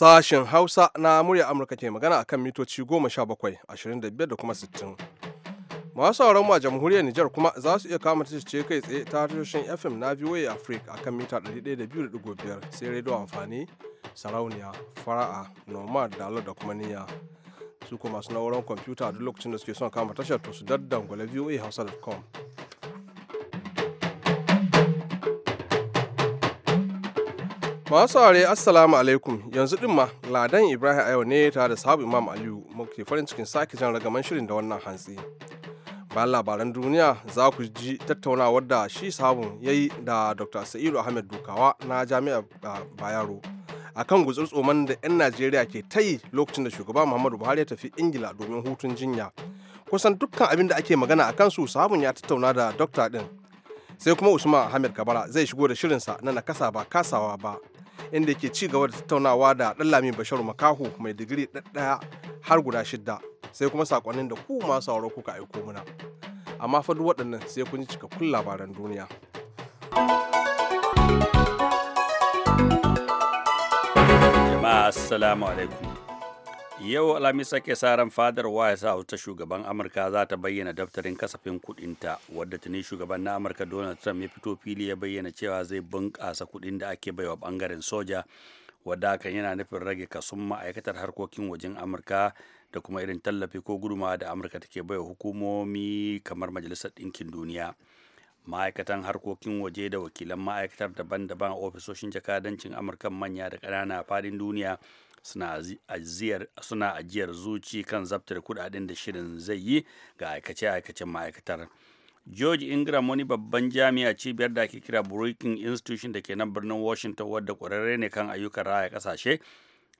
Sashen Hausa na murya Amurka ke magana a kan mitoci 17, ashirin da kuma 60. Masu sauran mu a jamhuriyar Nijar kuma za su iya kama ce kai tsaye ta tashoshin FM na VOA Africa akan mita 102.5 sai rediyo amfani sarauniya fara'a nomad dalar da kuma niyya su kuma masu na'urar kwamfuta duk lokacin da suke son kama tashar to su daddangwale voa hausa.com Masu aure assalamu alaikum yanzu din ma ladan Ibrahim a yau ne tare da sabu Imam Aliyu muke farin cikin sake jan ragaman shirin da wannan hantsi. Bayan labaran duniya za ku ji tattaunawar da shi sahabun ya yi da Dr. Sa'idu Ahmed Dukawa na Jami'ar ah, Bayero a kan tsoman da 'yan Najeriya ke ta yi lokacin da shugaba Muhammadu Buhari ya tafi Ingila domin hutun jinya. Kusan dukkan abin da ake magana a kansu sahabun ya tattauna da Dr. din. Sai kuma Usman Ahmed Kabara zai shigo da shirinsa na nakasa ba kasawa ba inda ke ci gaba da tattaunawa da lami basharu Makaho mai digiri ɗaya har guda shidda sai kuma sakonnin da ku masu sauraro kuka aiko muna. Amma fa duk waɗannan sai kun ji cikakkun labaran duniya. Jama'a assalamu alaikum. yau alhamis sake sa ran fadar white house ta shugaban amurka za ta bayyana daftarin kasafin kudinta wadda tuni shugaban na amurka donald trump ya fito fili ya bayyana cewa zai bunƙasa kudin da ake baiwa bangaren soja wadda hakan yana nufin rage kasun ma'aikatar harkokin wajen amurka da kuma irin tallafi ko gudumawa da amurka take baiwa hukumomi kamar majalisar ɗinkin duniya ma'aikatan harkokin waje da wakilan ma'aikatar daban-daban a ofisoshin jakadancin amurkan manya da ƙanana a fadin duniya suna ajiyar zuci kan zaftar kudaden da shirin zai yi ga aikace-aikacen ma'aikatar george ingram wani babban jami'a cibiyar da ake kira breaking institution da ke nan birnin washington wadda kwararre ne kan ayyukan raya kasashe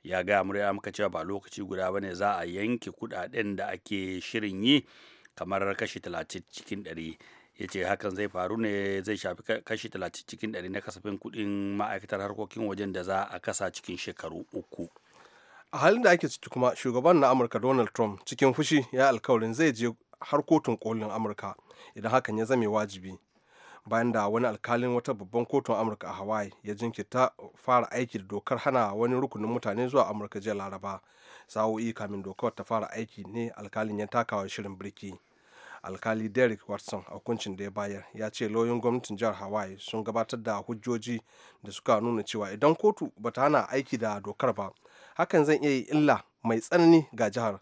ya ga murya muka cewa ba lokaci guda ba ne za a yanke kudaden da ake shirin yi kamar kashi 30 cikin 100 ya ce hakan zai faru ne zai shafi kashi talatin cikin 100 na kasafin kudin ma'aikatar harkokin wajen da za a kasa cikin shekaru uku. a halin da ake ciki kuma shugaban na amurka donald trump cikin fushi ya alkawarin zai je har kotun kolin amurka idan hakan ya zame wajibi bayan da wani alkalin wata babban kotun amurka a hawaii ya jinkirta fara aiki da dokar hana wani rukunin mutane zuwa amurka jiya laraba sa'o'i kamin dokar ta fara aiki ne alkalin ya takawa shirin birki alkali derek watson a hukuncin da ya bayar ya ce lauyoyin gwamnatin jihar hawaii sun gabatar da hujjoji da suka nuna cewa idan kotu ba ta hana aiki da dokar ba hakan zan iya yi illa mai tsanani ga jihar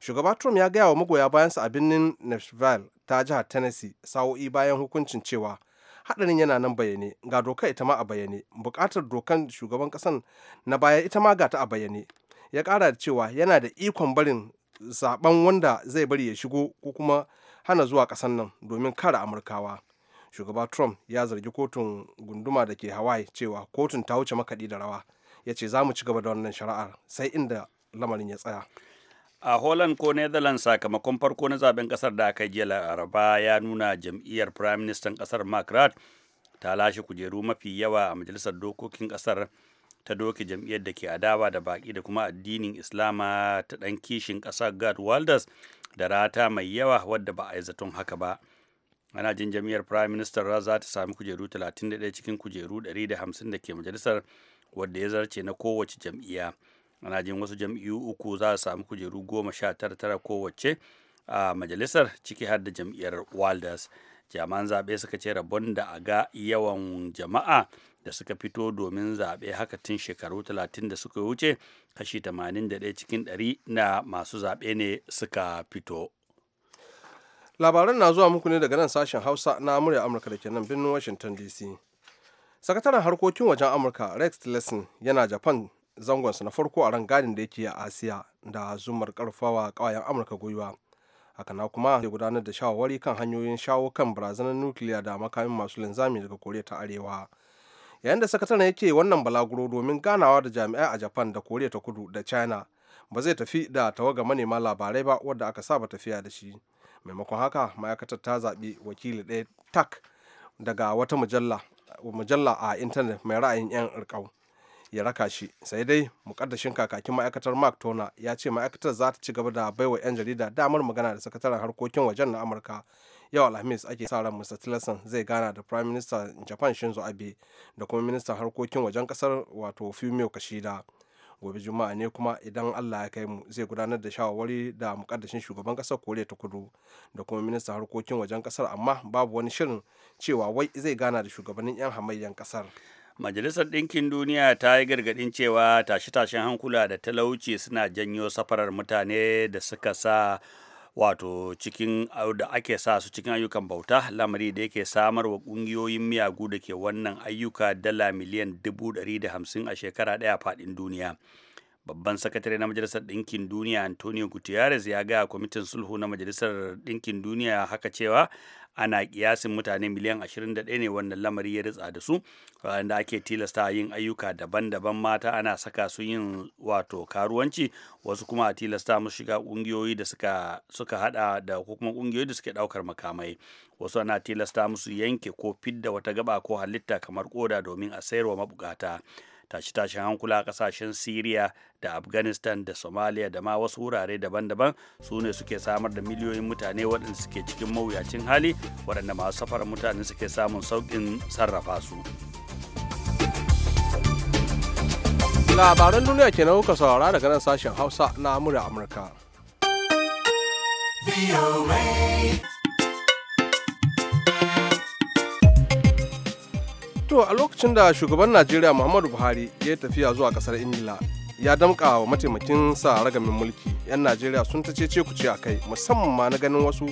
shugaba trump ya gaya wa magoya bayansa a birnin nashville ta jihar tennessee sa'o'i bayan hukuncin cewa haɗarin yana nan bayyane ga doka ita ma a bayyane buƙatar dokan shugaban ƙasan na baya ita ma ga ta a bayyane ya ƙara da cewa yana da ikon barin zaben wanda zai bari ya shigo ko kuma hana zuwa ƙasan nan domin kare amurkawa shugaba trump ya zargi kotun gunduma da ke hawaii cewa kotun ta wuce makaɗi da rawa ya ce za mu ci gaba da wannan shari'ar sai inda lamarin ya tsaya a holland ko netherlands sakamakon farko na zaben kasar da aka jiya laraba ya nuna jam'iyyar prime minister kasar mark Rutte ta lashe kujeru mafi yawa a majalisar dokokin kasar ta doki jam'iyyar da ke adawa da baki da kuma addinin islama ta ɗan kishin ƙasar gad walders da rata mai yawa wadda ba a yi zaton haka ba ana jin jam'iyyar prime minister za ta sami kujeru 31 cikin kujeru 150 da ke majalisar wadda ya zarce na kowace jam'iyya ana jin wasu jam'iyyu uku za a samu kujeru goma sha tara tara kowace a majalisar ciki har da jam'iyyar walders jaman zaɓe suka ce rabon da a ga yawan jama'a da suka fito domin zaɓe haka tun shekaru 30 da suka wuce kashi 81 cikin ɗari na masu zaɓe ne suka fito labaran na zuwa muku ne daga nan sashen hausa na murya amurka da kenan nan birnin washington dc sakataren harkokin wajen amurka rex tillerson yana japan zangonsa na farko a rangadin da yake a asiya da zumar karfawa kawayen amurka gwiwa haka kuma ya gudanar da shawarwari kan hanyoyin shawo kan barazanar nukiliya da makamin masu linzami daga koriya ta arewa yayin da sakataren yake wannan balaguro domin ganawa da jami'ai a japan da koriya ta kudu da china ba zai tafi da tawaga manema labarai ba wadda aka saba tafiya da shi maimakon haka ma'aikatar ta zaɓi wakili ɗaya tak daga wata mujalla mujalla a intanet mai ra'ayin 'yan rikau ya raka shi sai dai mukaddashin kakakin ma'aikatar mark tona ya ce ma'aikatar za ta ci gaba da baiwa 'yan jarida damar magana da sakataren harkokin wajen na amurka yau alhamis ake sa ran mr tillerson zai gana da prime minister japan shinzo abe da kuma ministan harkokin wajen kasar wato fumio kashida gobe juma'a ne kuma idan allah ya kai mu zai gudanar da shawarwari da mukaddashin shugaban kasar koriya ta kudu da kuma ministan harkokin wajen kasar amma babu wani shirin cewa wai zai gana da shugabannin yan hamayyan kasar majalisar ɗinkin duniya ta yi gargaɗin cewa tashe-tashen hankula da talauci suna janyo safarar mutane da suka sa wato cikin da ake sa su cikin ayyukan bauta lamari da yake samar wa kungiyoyin miyagu da ke wannan ayyuka dala miliyan dubu ɗari da hamsin a shekara ɗaya faɗin duniya babban sakatare na majalisar ɗinkin duniya antonio gutierrez ya gaya kwamitin sulhu na majalisar ɗinkin duniya haka cewa ana kiyasin mutane miliyan 21 ne wannan lamari ya ritsa da su da ake tilasta yin ayyuka daban-daban mata ana saka su yin wato karuwanci wasu kuma a tilasta musu shiga kungiyoyi da suka suka hada da kuma kungiyoyi da suke daukar makamai wasu ana tilasta musu yanke ko fidda wata gaba ko halitta kamar koda domin a sayarwa mabukata tashe-tashen hankula a kasashen syria da afghanistan da somalia da ma wasu wurare daban-daban su ne suke samar da miliyoyin mutane waɗanda suke cikin mawuyacin hali waɗanda masu safarar mutane suke samun sauƙin sarrafa su labaran duniya kenan kuka saurara daga nan sashen hausa na amurka amurka To a lokacin da shugaban Najeriya Muhammadu Buhari ya yi tafiya zuwa kasar Ingila ya damka wa mataimakin sa ragamin mulki 'yan Najeriya sun ta cece ku ce a kai musamman ma na ganin wasu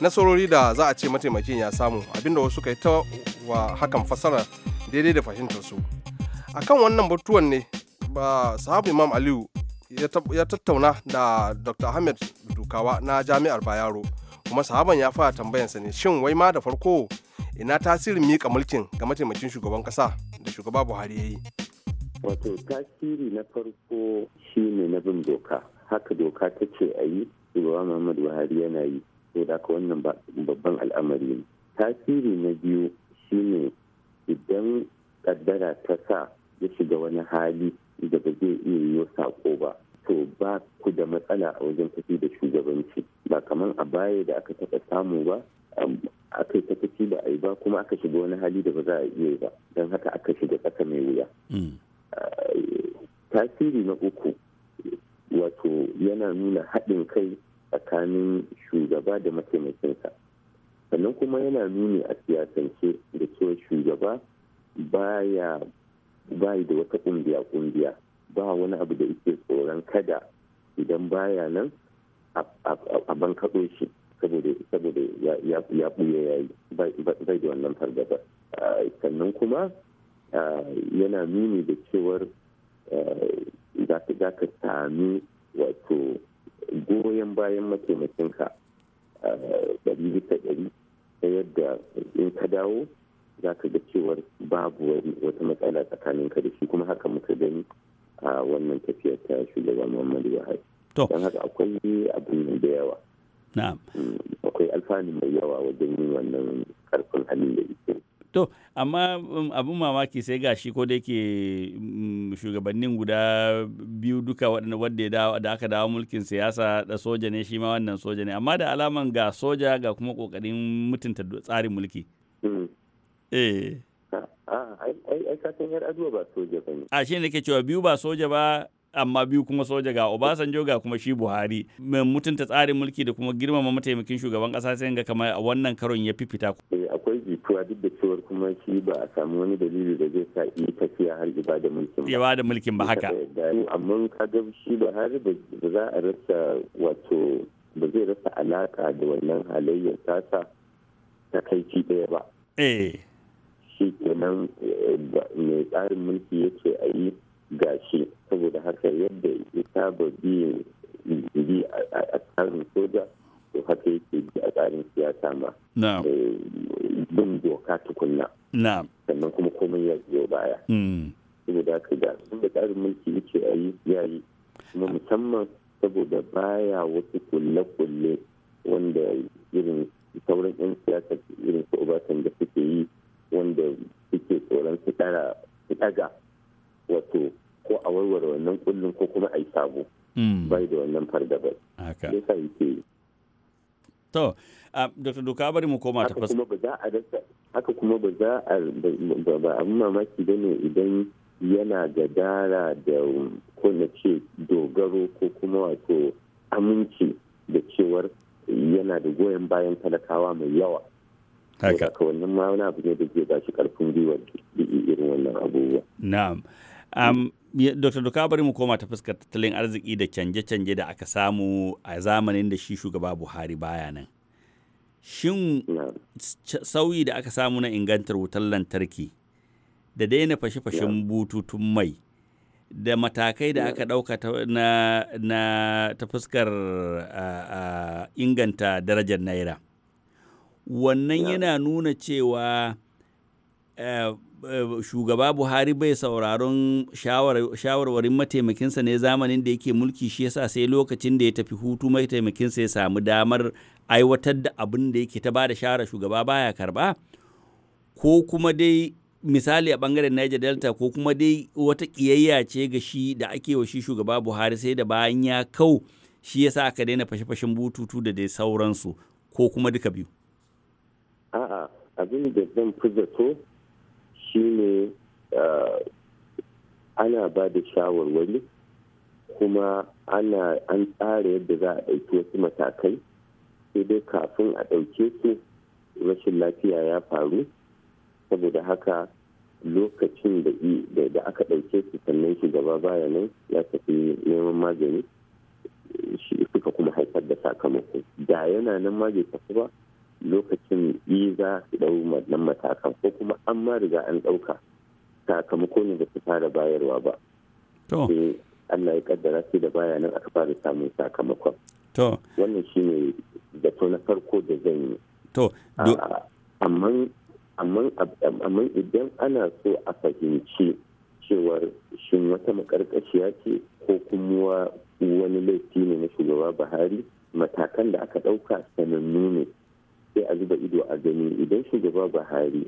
nasarori da za a ce mataimakin ya samu abinda wasu kai ta wa hakan fasara daidai da fahimtar su. a kan wannan batuwan ne ba sahabu Imam Aliyu ya tattauna da Dr. Ahmed Dukawa na Jami'ar bayaro kuma sahaban ya fara tambayansa ne shin wai ma da farko ina tasirin mika mulkin ga mataimakin shugaban kasa da shugaba buhari ya yi wato tasiri na farko shi ne na bin doka haka doka ta ce a yi shugaba muhammad buhari yana yi ko da ka wannan babban al'amari ne tasiri na biyu shi ne idan kaddara ta sa ya shiga wani hali da ba zai iya yiwo sako ba to ba ku da matsala a wajen tafi da shugabanci ba kamar a baya da aka taɓa samu ba aka yi sakaci da a ba kuma aka shiga wani hali da ba za a iya ba don haka aka shiga tsaka mai wuya mm. tasiri na uku wato yana nuna haɗin kai tsakanin shugaba da mataimakinsa sannan kuma yana nuni a siyasance da cewa shugaba baya ba da wata kungiya kungiya ba wani abu da yake tsoron kada idan baya nan a bankaɗo shi saboda ya buya ya yi bai da wannan fargaba sannan kuma yana nuni da cewar za ka sami wato goyon bayan mataimakinka ɗari bisa ɗari ta yadda in ka dawo za ka ga cewar babu wata matsala tsakaninka da shi kuma haka muka gani a wannan tafiyar ta shugaban muhammadu buhari don haka akwai abin da yawa Mm, akwai alfani mai yawa wajen yin wannan karfin hali da ike to amma um, abin mamaki sai ga shi ko da yake mm, shugabannin guda biyu duka wadda da aka dawo mulkin siyasa da soja ne shi ma wannan soja ne amma da alaman ga soja ga kuma kokarin mutunta tsarin mulki mm. eh ah, ai ai a shi ne ke cewa biyu ba soja ba amma biyu kuma soja ga Obasanjo ga kuma shi Buhari mai mutunta tsarin mulki da kuma girmama mataimakin shugaban kasa sai ga kamar a wannan karon ya fifita eh, akwai jituwa duk da cewar kuma shi ba a samu wani dalili da zai sa yi tafiya har ya bada mulkin ba ya bada mulkin ba haka eh, amma kaga shi Buhari ba za a rasa wato ba zai rasa alaka da wannan halayyar tasa ta kai daya ba eh shi kenan eh, mai tsarin mulki yake a yi gashi saboda saba biyan bi a tsarin soja to haka yake bi a tsarin siyasa ma eh, bin doka tukunna sannan kuma komai ya zo baya hmm. saboda haka ga da tsarin mulki yake a yi ya yi kuma musamman saboda baya wasu kulle-kulle wanda irin sauran 'yan siyasa irin su da suke yi wanda suke tsoron su daga wato ko a warware wannan kullum ko kuma a yi sabo hmm. bai da wannan fargabar yasa yake to ah, dr duka bari mu koma ta kuma ba za a haka kuma ba za a ba abin mamaki ba ne idan yana da dara da ko na ce dogaro ko kuma wato aminci da cewar yana da goyon bayan talakawa mai yawa haka wannan ma wani abu ne da ke ba shi karfin gwiwa irin wannan abubuwa na'am Dr. Duka bari mu koma ta fuskar tattalin arziki da canje-canje da aka samu a zamanin da shi shugaba Buhari baya nan. Shin sauyi da aka samu na ingantar wutar lantarki da daina fashe-fashen bututun mai da matakai da aka ɗauka na ta fuskar inganta darajar naira. Wannan yana nuna cewa Eh, eh, shugaba buhari bai sauraron shawarwarin mataimakinsa ne zamanin da yake mulki shi yasa sai lokacin da ya tafi hutu mataimakinsa ya samu damar aiwatar da abin da yake ta ba da shawara shugaba baya karba ko kuma dai misali a bangaren niger delta ko kuma dai wata kiyayya ce ga shi da ake wa shi shugaba buhari sai da bayan ya kau shi yasa aka daina fashe-fashen bututu da dai sauransu ko kuma duka biyu a'a abin da zan fi zato shine eh, ana ba da shawarwari kuma ana an tsara yadda za a ɗauki wasu matakai sai dai kafin a ɗauke su rashin lafiya ya faru saboda haka lokacin da aka ɗauke su sannan shugaba baya nan ya tafi neman magani suka kuma haifar da sakamako da yana nan magani bai ba lokacin yi za su dau wannan matakan ko kuma an ma riga an ɗauka sakamako ne da su fara bayarwa ba. To. Allah ya kaddara sai da baya nan aka fara samun sakamakon. To. Wannan shi ne zato na farko da zan yi. To. Ah, Amma idan ana so a fahimci cewar shin wata makarkashiya ce ko kuma wani laifi ne na shugaba Buhari matakan da aka ɗauka sanannu ne sai a zuba ido a gani idan shugaba buhari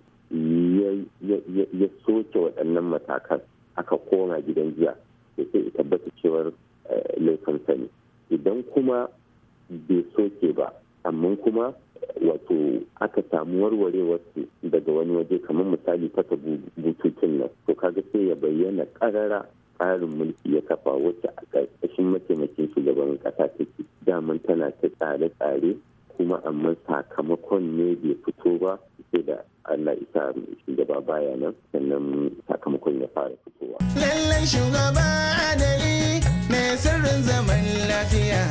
ya soke waɗannan matakan aka koma gidan jiya da sai tabbata cewar eh, laifin sani idan kuma bai soke ba amma kuma eh, wato aka samu warwarewar su daga wani waje kamar misali fata bututun nan to kaga sai ya bayyana karara tsarin mulki ya kafa wacce a ƙarƙashin mataimakin shugaban ƙasa take daman tana ta tsare-tsare kuma amma sakamakon ne bai fito ba sai da Allah isa shugaba baya nan sannan sakamakon ya fara fitowa. Lallan shugaba adali mai sirrin zaman lafiya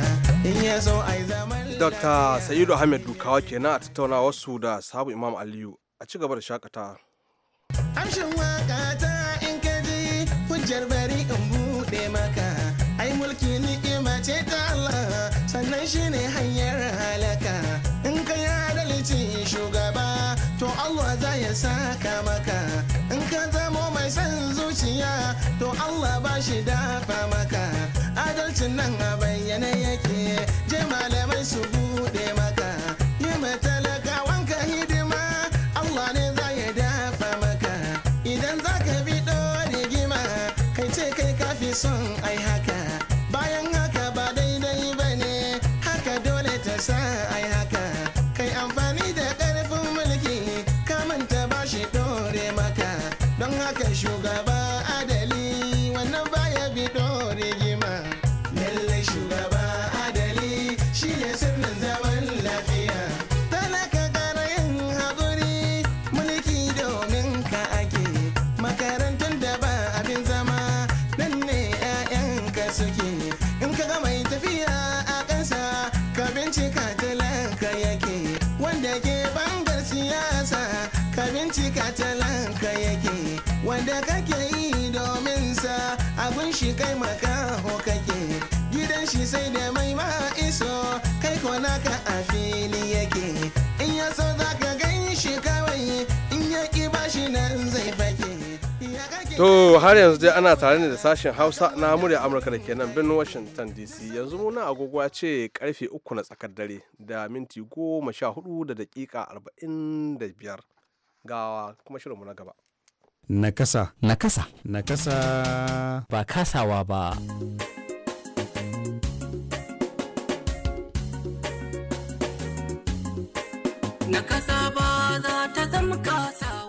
in ya so ai zaman Dr. Sayidu Ahmed Dukawa kenan a tattauna wasu da sabu Imam Aliyu a ci gaba da shakata. Amshin waka ta in ka ji hujjar bari in buɗe maka ai mulki ni'ima ce ta Allah sannan shi ne hanyar. saka maka in ka zamo mai son zuciya to Allah ba shi dafa maka adalcin nan a bayyane yake je malamai su bashi sai da mai ma iso kai ko naka a fili yake in ya so za ka gan shi kawai in ya ki bashi nan zai fake To har yanzu dai ana tare ne da sashen Hausa na murya Amurka da kenan birnin Washington DC yanzu muna agogo ce karfe uku na tsakar dare da minti goma sha hudu da dakika arba'in da biyar Gawa kuma shirinmu na gaba. Nakasa. Nakasa. Nakasa. Ba kasawa ba.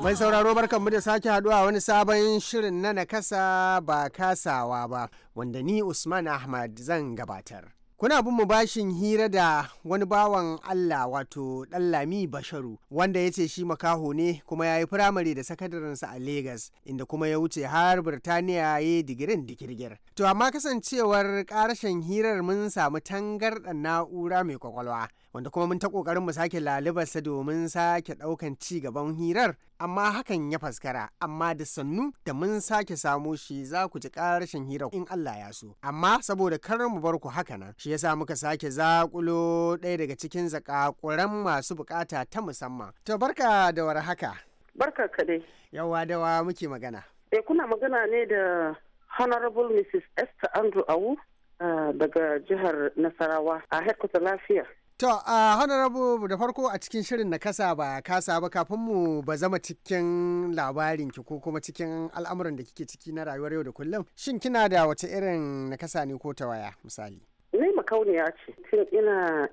Mai sauraro barkanmu da sake haduwa wani sabon shirin na nakasa ba kasawa ba wanda ni Usman Ahmad zan gabatar. Kuna bin mu bashin hira da wani bawan Allah wato lami Basharu wanda ya ce shi makaho ne kuma ya yi firamare da sakadarinsa a Legas inda kuma ya wuce har Birtaniya ya yi digirin digirgir. To amma kasancewar ƙarashin hirar mun samu tangar na'ura mai kwakwalwa. wanda kuma mun ta kokarin mu sake lalubarsa domin sake daukan ci gaban hirar amma hakan ya faskara amma da sannu da mun sake samo shi za ku ji karashin hirar in Allah ya so amma saboda karin mu barku ku haka nan shi yasa muka sake zakulo ɗaya daga cikin zakakuran masu bukata ta musamman to barka da war haka barka ka dai yawa dawa muke magana eh kuna magana ne da honorable mrs esther andrew awu ah, daga jihar nasarawa a headquarter lafiya To, a honorable da farko a cikin shirin na kasa ba kasa ba kafin mu ba zama cikin labarin ki ko kuma cikin al'amuran da kike ciki na rayuwar yau da kullum. Shin kina da wace irin na kasa ne ko tawaya misali? Ni makauniya ce, tun ina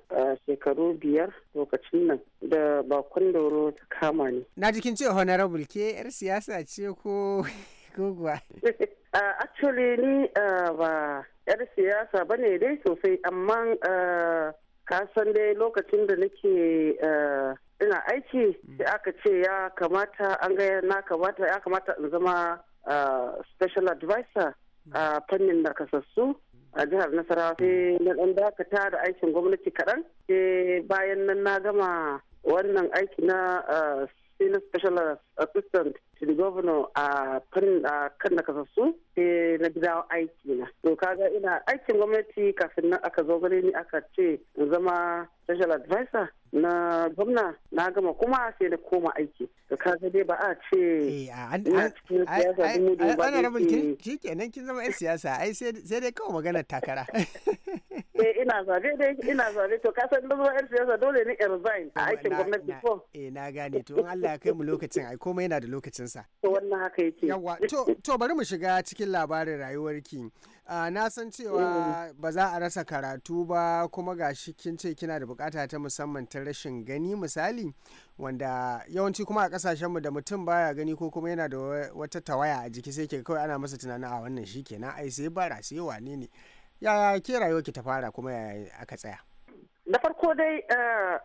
shekaru biyar lokacin nan da bakon dauro ta kama ni. Na jikin ce honorable ke 'yar siyasa ce ko guguwa. Actually ni ba 'yar siyasa ba ne dai sosai amma ka san dai lokacin da nake eh, ina aiki sai aka ce ya kamata an ga na kamata ya kamata in zama eh, special advisor a fannin da kasassu a jihar nasarawa sai na dan dakata da aikin gwamnati kaɗan sai bayan nan na gama wannan aiki na eh, special assistant to the governor a farin a kan na kasassu na gida aiki na to kaga ina aikin gwamnati kafin nan aka zo gare ni aka ce in zama special advisor na gwamna na gama kuma sai da koma aiki to kaga dai ba a ce eh, cikin siyasa ba ana rabin kenan kin zama yan siyasa ai sai dai kawai maganar takara e ina zabe dai ina zabe to ka san duk wani siyasa dole ne in a aikin gwamnati ko eh na gane to in Allah ya kai mu lokacin ai komai yana da lokacin sa to wannan haka yake yawa to to bari mu shiga cikin labarin rayuwarki na san cewa mm. ba za a rasa karatu ba kuma gashi kin ce kina da bukata ta musamman ta rashin gani misali wanda yawanci kuma a kasashenmu da mutum baya gani ko kuma yana da wata tawaya a jiki sai ke kawai ana masa tunanin a wannan shi kenan ai sai bara sai wane ne yaya ke ki ta fara kuma yaya aka tsaya da farko dai eh,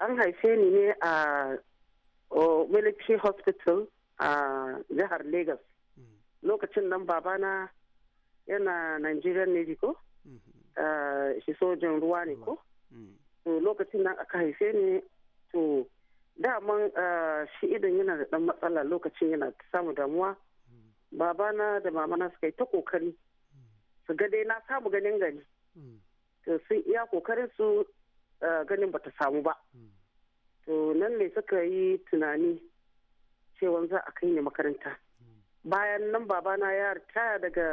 an haife ni ne a military hospital a jihar lagos mm. lokacin nan babana yana nigerian navy ko mm-hmm. eh, shi sojin ruwa ne ko mm. to lokacin nan aka haife ni to daman eh, shi idan yana da dan matsala lokacin yana samu damuwa mm. babana da mamana suka yi ta kokari su ga dai na samu ganin gani hmm. to sun iya kokarin su eh, ganin bata samu ba hmm. to nan ne suka yi tunani cewa za a kai ni makaranta hmm. bayan nan babana ya ritaya daga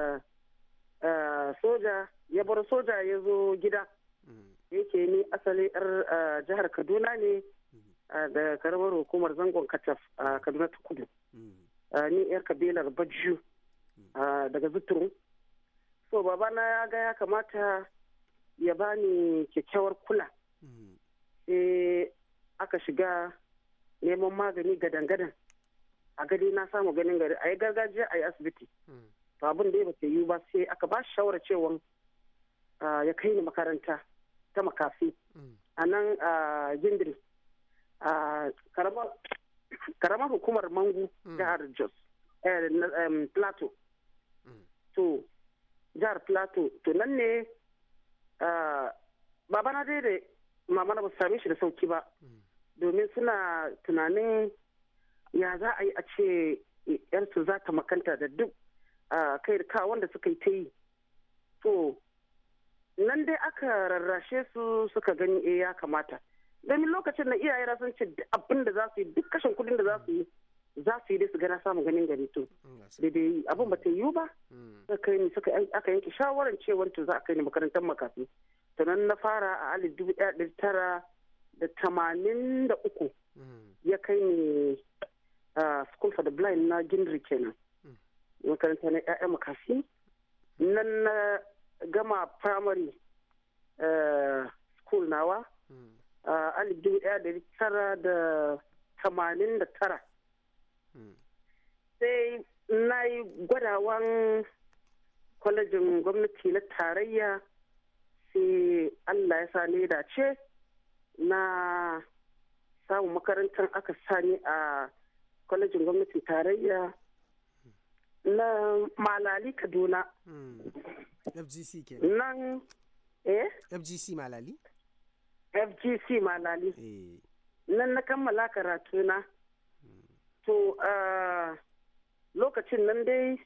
eh, soja ya bar soja ya zo gida yake ni asali yar eh, jihar kaduna ne da karamar hukumar zangon kataf a kaduna ta kudu ni yar kabilar baju daga zuturu so babana ya ga ya kamata ya bani kyakkyawar kula mm. sai aka shiga neman magani gadan-gadan a gari na samu ganin gari a yi gargajiya a yi asibiti mm. to abin da ya bata yi ba sai aka ba shawara cewa ya kai ni makaranta ta makafi mm. a nan a gindiri a karamar hukumar mangu jihar jos eh, plateau to jihar plateau to nan ne babana dai da mamana ba su same shi da sauki ba domin suna tunanin ya za a yi a ce 'yansu za ta makanta da duk kai da wanda suka yi ta yi to nan dai aka rarrashe su suka gani e ya kamata domin lokacin na iyaye sun ce abin da za su yi duk kashin kudin da za su yi za su yi dai su gana samun ganin gari to da da yi abin ba ta yiwu ba hmm. aka yanke shawarar cewar to za a kai ni makarantar makafi sannan na fara a alif dubu ɗaya ɗari tara da tamanin da uku hmm. ya kai ni school for the blind na gindri kenan hmm. makaranta na ƴaƴa makafi nan na gama primary school nawa alif dubu ɗaya ɗari tara da tamanin da tara sai na yi gwadawan kwalejin gwamnati na tarayya sai allah ya sa ni dace na samun makarantar aka sani a kwalejin gwamnatin tarayya na malali kaduna hmm. fgc ke nan eh fgc malali fgc malali eh. nan na kammala na to a lokacin nan dai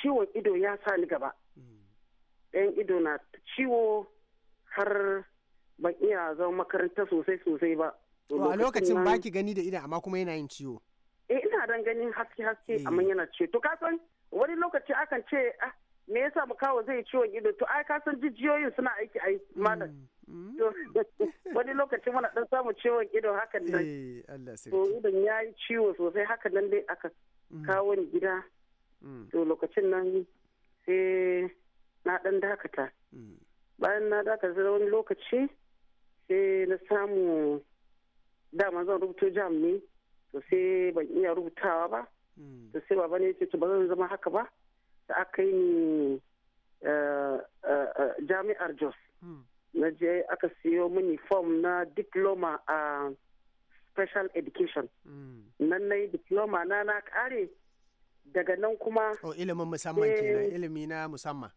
ciwon ido ya sa ni gaba ɗayan ido na ciwo har ban iya zama makaranta sosai sosai ba a lokacin baki gani da ido amma kuma yana yin ciwo eh ina dan ganin haske haske amma eh. yana ciwo to kasan wani lokaci akan ce ah me yasa kawo zai ciwon ido to ai ka san jijiyoyin suna aiki ai malam mm. Mm. wani lokacin wani dan samu ciwon ido hakan nan eh, to idan ya yi ciwo sosai hakan nan dai aka mm. kawo ni gida to lokacin nan sai na dan dakata bayan na dakata wani lokaci sai na samu dama zan rubuto jam ne to sai ban iya rubutawa ba to sai baba ne ya ce ba zan zama haka ba aka yi eh, eh, eh, jami'ar jos hmm. na je aka siyo mini form na diploma a special education hmm. nan na yi diploma na na kare daga nan kuma o oh, ilimin musamman kenan ilimi na musamman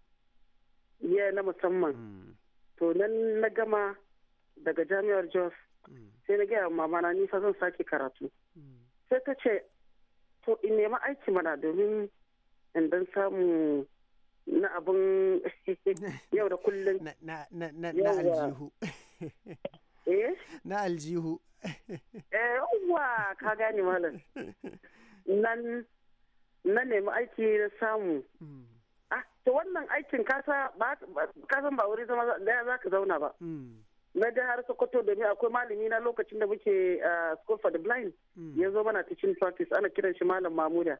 ya na musamman hmm. to nan na gama daga jami'ar jos sai na gaya mama na nisa zan sake karatu sai ta ce to in nema aiki mana domin in don samu na abin yau da kullum na aljihu eh? na aljihu eh, yawwa ka gane malam nan na nemi aiki na samu hmm. ah, to wannan aikin kasa, ba wuri zama daya za ka zauna ba hmm. na da har sokoto domin akwai malami na lokacin da muke ah, school for the blind hmm. ya zo mana teaching practice ana kiran shi malam mamuda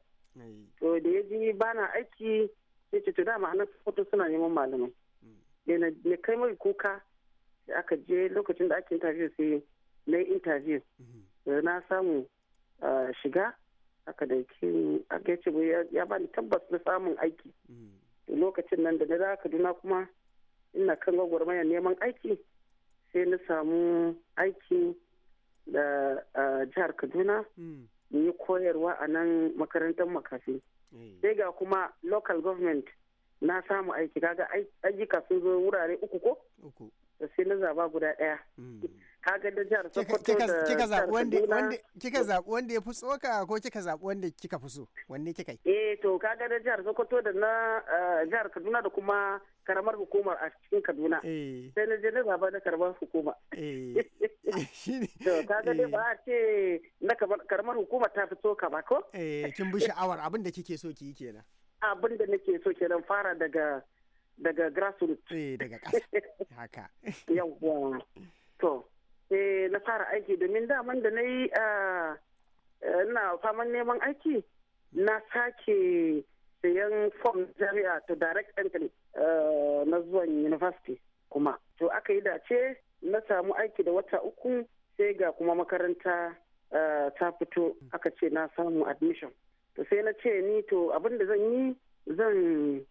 to da ya ji ba na aiki ya ce to dama ana foto suna neman malamai mm. na kai mai kuka da aka je lokacin da ake interview sai na yi interview mm-hmm. na samu shiga aka da ke aka ce ya ba ni tabbas na samun aiki mm. lokacin nan da na da kaduna kuma ina kan gwagwarmaya neman aiki sai na samu aiki da jihar kaduna mm. yi koyarwa a nan makarantar makafi eh. sai ga kuma local government na samu aiki kaga ayyuka sun zo wurare uku ko da sai na zaba guda ɗaya. Hmm. kaga da jihar sokoto da kika wanda kika wanda ya fi tsoka ko kika zaɓi wanda kika fi so wanne kika yi eh to kaga da jihar sokoto da na eh, jihar kaduna da kuma karamar hukumar a cikin kaduna eh. sai na je na zaba na karamar hukuma eh. to ga dai eh. ba a ce na karamar hukuma ta fito ka ba ko eh kin bi sha'awar abin da kike so ki yi kenan abin da nake so kenan fara daga daga grassroots eh daga ƙasa haka yawa to eh na fara aiki domin daman da na yi ina faman neman aiki na sake sayan form jari'a to direct entry Eh, na zuwan university kuma to aka yi dace na samu aiki da wata uku sai ga kuma makaranta eh, ta fito aka ce na samu admission to sai na ce ni to abin da zan yi zan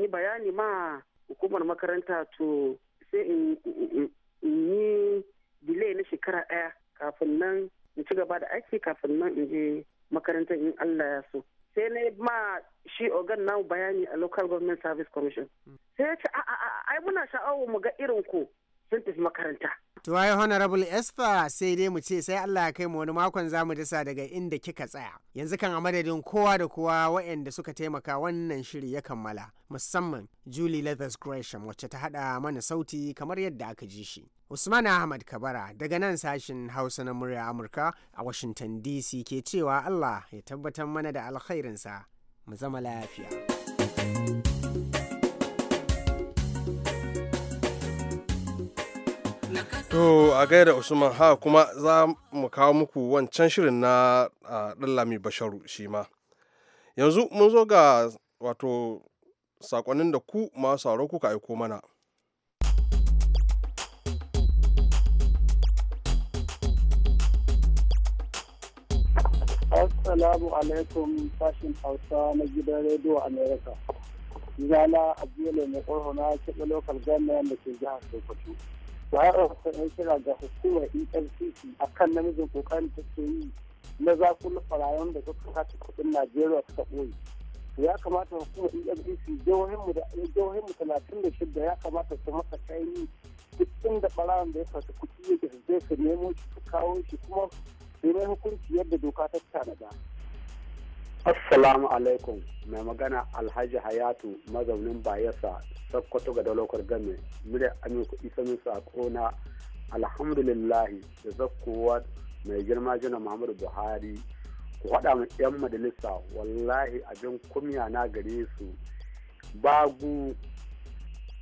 yi bayani ma hukumar makaranta to sai in yi delay na shekara ɗaya kafin nan in ci gaba da aiki kafin nan in je makarantar in Allah ya so. sai na ma shi ogan namu bayani a local government service commission sai ya ce ai muna sha'awar mu ga irin ku sun tafi makaranta to ai honorable esther sai dai mu ce sai Allah ya kai mu wani makon zamu dasa daga inda kika tsaya yanzu kan a madadin kowa da kowa waɗanda suka taimaka wannan shiri ya kammala musamman julie leathers gresham wacce ta hada mana sauti kamar yadda aka ji shi Usman Ahmad Kabara daga nan sashin Hausa na murya Amurka a Washington DC ke cewa Allah ya tabbatar mana da alkhairinsa mu zama lafiya. To a gaida Usman ha kuma za mu kawo muku wancan shirin na Dallami Basharu shi ma. Yanzu mun zo ga wato saƙonin da ku masu sauro kuka aiko mana. Assalamu alaikum sashen Hausa na gidan Rediyo amerika Zana Abdulai mai ƙorho na kiɗa lokal gwamnan da ke jihar Sokoto. Bayan kira ga hukumar EFCC a kan namijin ƙoƙarin yi na zakun farayon da suka sace kuɗin Najeriya suka ɓoye. Ya kamata hukumar e talatin da ya kamata su masa kayan duk inda ɓarawan da ya fata kuɗi yake su nemo shi su kawo shi kuma yi hukunci yadda doka ta tanada assalamu alaikum mai magana alhaji hayatu mazaunin bayasa sakkwato ga dalokar game murya amurka isa min sako na alhamdulillah da zakkowa mai girma jina muhammadu buhari ku haɗa mu 'yan majalisa wallahi abin kumya na gare su bagu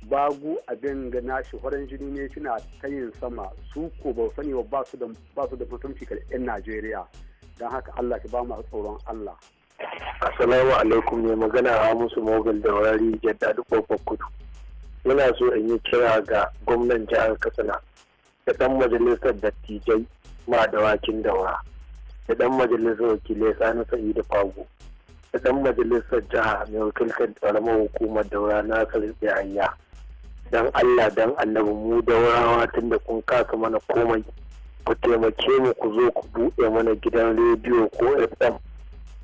bagu abin ga shi horon jini ne suna ta yin sama su ko ba sani ba ba su da mutunci ga 'yan najeriya don haka allah ki ba mu tsoron allah assalamu alaikum ya magana a musu mobil da wurare jadda duk babban kudu muna so in yi kira ga gwamnan jihar katsina da dan majalisar dattijai ma dawakin daura da dan majalisar wakilai sani sa'idu fago da dan majalisar jiha mai wakilkan karamar hukumar daura na sarki hanya dan Allah dan annabi mu daurawa da kun kasa mana komai ku taimake mu ku zo ku buɗe mana gidan rediyo ko fm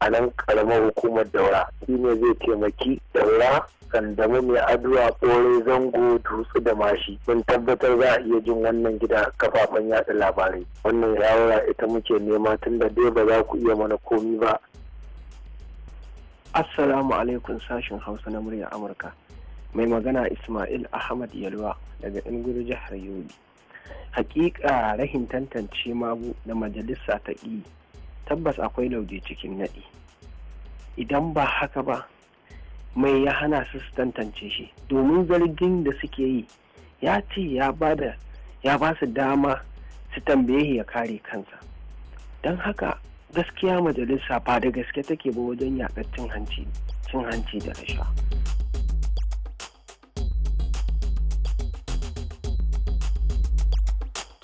a nan karamar hukumar daura shi ne zai taimaki daura sandamu mai addu'a ɓore zango dutse da mashi mun tabbatar za a iya jin wannan gida kafafen yatsa labarai wannan yawara ita muke nema tun da dai ba za ku iya mana komi ba assalamu alaikum sashen hausa na murya amurka mai magana ismail ahmad yalwa daga inguru jihar yobe hakika rahin tantance magu da majalisa ta yi tabbas akwai lauje cikin nadi idan ba haka ba mai ya hana su su tantance shi domin zargin da suke yi ya ce ya ba su dama su tambaye ya kare kansa don haka gaskiya majalisa ba da gaske take ba wajen yaƙar cin hanci da rashawa.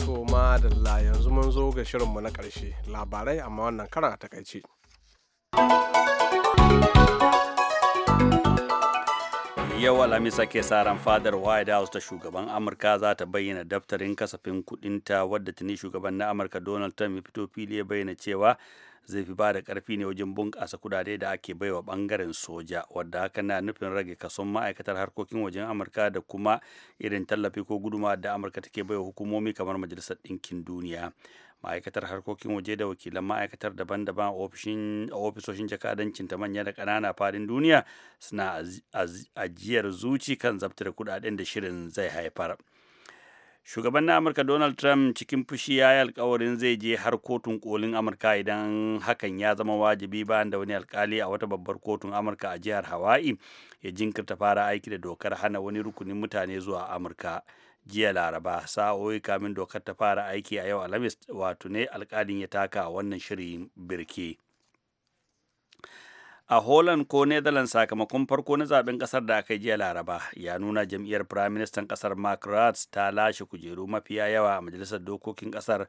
da la yanzu mun zo ga shirinmu na ƙarshe labarai amma wannan karan a takaice. yau alhamis ake sa ran fadar white house ta shugaban amurka za ta bayyana daftarin kasafin kudinta wadda tuni shugaban na amurka donald trump ya fito fili ya bayyana cewa zai fi ba da ƙarfi ne wajen bunƙasa kudade da ake baiwa ɓangaren soja wadda hakan na nufin rage kason ma'aikatar harkokin wajen amurka da kuma irin tallafi ko guduma da amurka take baiwa hukumomi kamar majalisar ɗinkin duniya ma'aikatar harkokin waje da wakilan ma'aikatar daban-daban a ofisoshin jakadancin ta manya da ƙanana fadin duniya suna ajiyar zuci kan zabtar kudaden da shirin zai haifar. shugaban na amurka donald trump cikin fushi ya yi alkawarin zai je har kotun kolin amurka idan hakan ya zama wajibi bayan da wani alkali a wata babbar kotun amurka a jihar hawaii ya jinkirta fara aiki da dokar hana wani rukunin mutane zuwa amurka jiya laraba sa'o'i kamin dokar ta fara aiki a yau alhamis wato ne alkalin ya taka wannan shirin birki. a holland ko netherlands sakamakon farko na zaben kasar da aka yi jiya laraba ya nuna jam'iyyar firaministan kasar mark Rats ta lashe kujeru mafiya yawa a majalisar dokokin kasar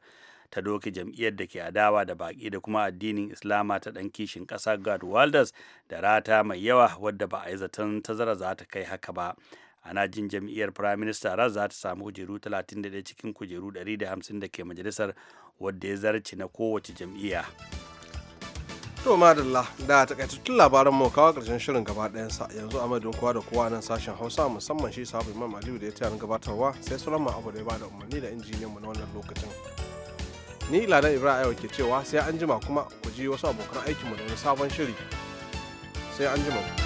ta doki jam'iyyar da ke adawa da baƙi da kuma addinin islama ta ɗan kishin ƙasa gad walders da rata mai yawa wadda ba a yi zaton tazara za ta kai haka ba ana jin jam'iyyar Firaminista ra za ta samu kujeru 31 cikin kujeru 150 da ke majalisar wadda ya zarce na kowace jam'iyya To madalla da takaitattun labaran mu kawo karshen shirin gaba ɗayansa yanzu a madadin kowa da kowa nan sashen Hausa musamman shi sahabu Imam Aliyu da ya tayar gabatarwa sai sauran abu da ya bada umarni da injiniyan mu na wannan lokacin. Ni Ladan Ibrahim Ayo ke cewa sai an jima kuma ku ji wasu abokan aikin mu da wani sabon shiri. Sai an jima ku.